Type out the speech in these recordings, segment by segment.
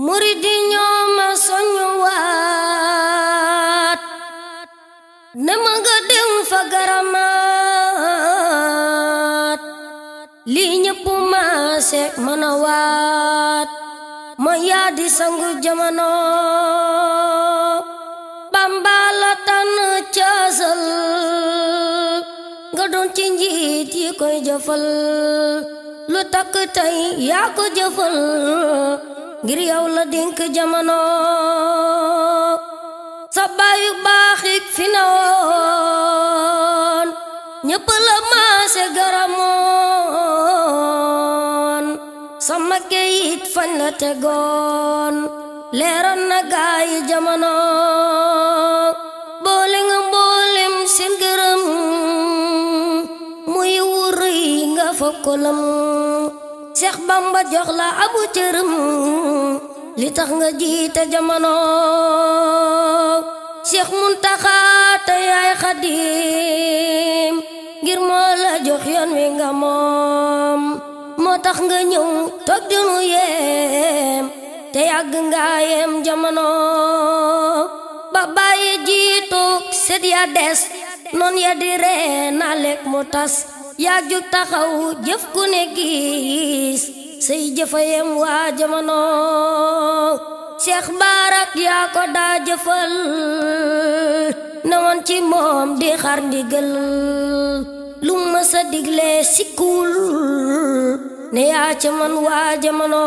murid yi ñoo ma ne ma nga fa garamaat lii ñëpp maase mën waat ma di sangu jamono Bamba la tànn nga doon ci yi koy jëfal lu takk tey yaa ko jëfal ngir yow la dénk jamono sa baayu baaxik fi na woon ñëpp garamoon sa makke fañ la tegoon leeral na gaayi jamono boole nga mboolem gërëm muy wuri nga fokkolam Seex Bamba jox la abu cërëm li tax nga jiite jamono Seex Muntaxa te yaay Xaadim ngir moo la jox yoon wi nga moom moo tax nga ñëw toog di nu te yàgg nga yeem jamono ba bàyyi jiitu set ya des noon ya di ree na lekk mu tas yaa jug taxaw jëf ku ne gis say jëfa yem waa jamono Cheikh Barak yaa ko daa jëfal na woon ci moom di xar ndigal lu mës a digle sikkuwul ne yaa ca man waa jamono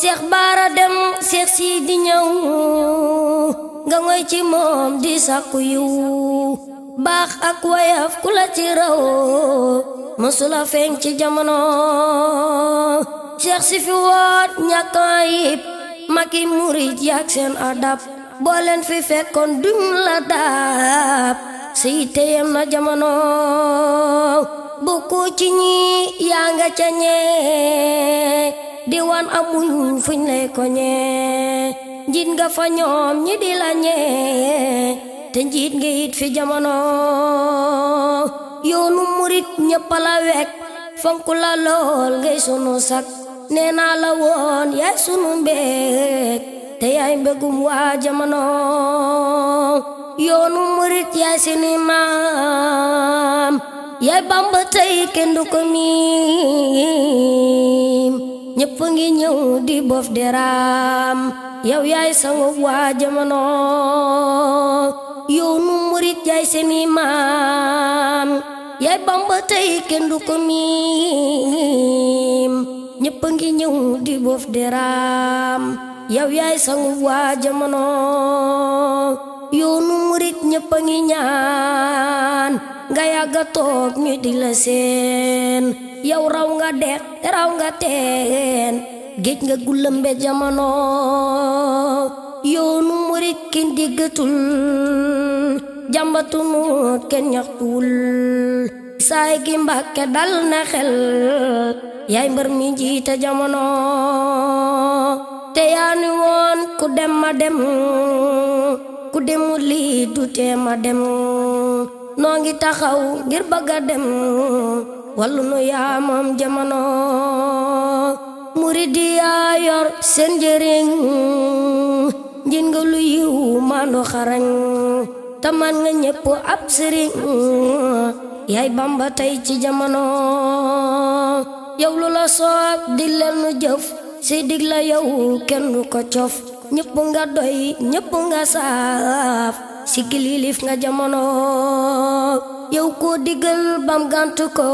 Cheikh dem Cheikh si ñëw nga ngoy ci moom di sàkku baax ak wayaf ku la ci raw mësula feeñ ci jamono Cheikh si fi woot ñàkk ayib maki murid yaak seen adab boo leen fi fekkoon duñ la daab si teyem na jamono bukku ci ñi yaa nga ca ñee diwaan amuñ fuñ lay ko ñee njiit nga fa ñoom ñi di la ñee te njiit nga it fi jamono yoonu murit ñëpp la wekk sunu sak nee yaay sunu mbéeg te yaay mbégum waa jamono yoonu murit yaay sini yaay bamba tey kenn ñëpp ngi ñëw di bof deraam yow yaay sangu waa jamono yow nu murit yaay seeni maam yaay bamba tey kenn du ko ngi ñëw di boof deraam yow yaay sangu waa jamono yow nu murit ñëpp ngi ñaan nga yàgga toog ñu di la seen yow raw nga dex raw nga teen géej nga gullëmbe jamono yoonu murit kenn déggatul jàmbatunu kenn saay gi mbàkke dal na xel yaay mbër mi jiite jamono te yaa ni woon ku dem ma dem ku demu lii du tee ma dem noo ngi taxaw ngir bëgga dem wallu nu yaa moom jamono murid yaa yor seen njëriñ njën nga lu yiw maandu xarañ tamaan nga ñépp ab sëriñ yaay bamba ci jamono yow lu la soob di lenn jëf si dig la yow kenn du ko cof ñépp nga doy ñépp nga saaf sigil yilif nga jamono yow ko diggal bam gant ko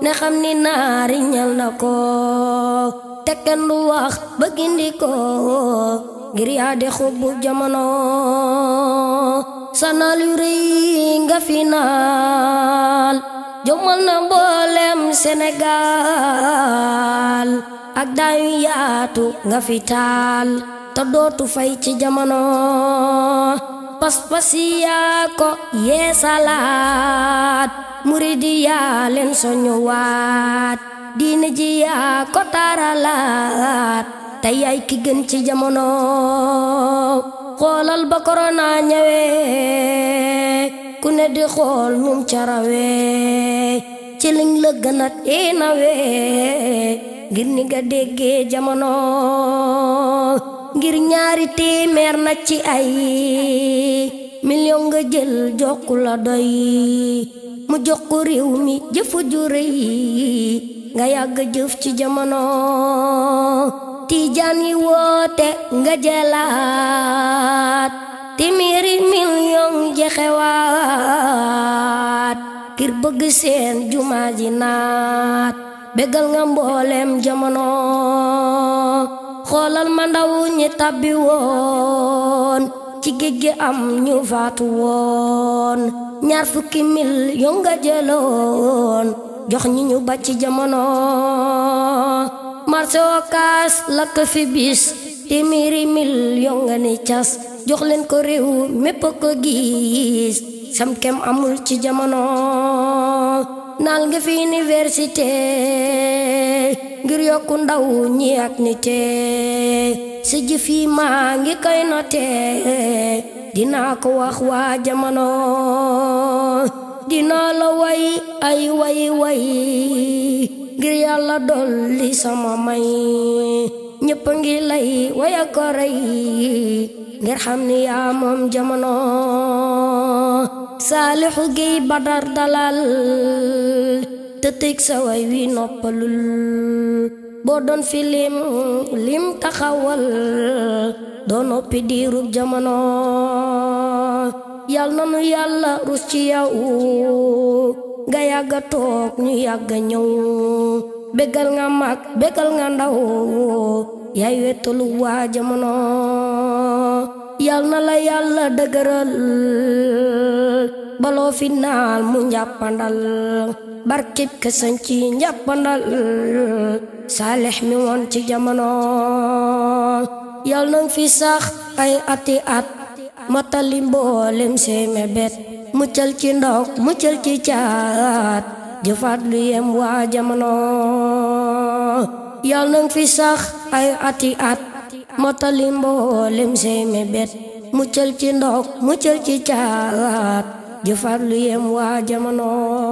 ne xam ni naari ñal na ko te kenn du wax ba gindi ko ngir yaa di xubbu jamono sanal yu rëy nga finaal jommal na mboolem Sénégal ak daayu yaatu nga fi taal te dootu fay ci jamono pas-pas yaa ko yeesalaat muridi yaa leen soññuwaat diine ji yaa ko taaralaat te yaay ki gën ci jamono xoolal ba korona ñëwee ku ne di xool num carawee ci liñ la gën a teenawee ni nga déggee jamono ngir ñaari téeméer na ci ay million nga jël jokku la doy mu jox mi jëfu ju nga yàgg jëf ci jamono tiijaan yi woote nga jëlaat téeméeri million jexewaat ngir bëgg seen ji naat bégal nga mbooleem jamono xoolal ma ndaw ñi tabbi woon ci géej gi am ñu faatu woon ñaar fukki mil yu jëloon jox ñi ñu ba ci jamono marché Ocass lakk fi mil yu ni cas jox leen ko réew mépp ko gis sam amul ci jamono naal nga fi université ngir yokku ndaw ñi ak nité sa jëf yi maa ngi koy noté dinaa ko wax waa jamono dinaa la way ay way way ngir yàlla dolli sama may ñëpp a ngi lay waya ko rey ngir xam ni yaa moom jamono saalixu géy badar dalal te tëg wi noppalul boo doon fi lim lim taxawal doo noppi diirub jamono yal na nu yàlla rus ci yow nga yàgga toog ñu yàgga ñëw bégal nga mag bégal nga ndaw yaay wettalu waa jamono yal na la yàlla dëgëral baloo final mu njàppandal barkib kësan ci njàppandal saalix mi woon ci jamono yal nang fi sax ay ati at matali mboolem sey mebet muccal ci ndok muccal ci caat jëfaat lu yem waa jamono yal nang fi sax ay ati at matali mboolem sey mebet muccal ci ndox muccal ci caalaat ju farlu yem waa jamono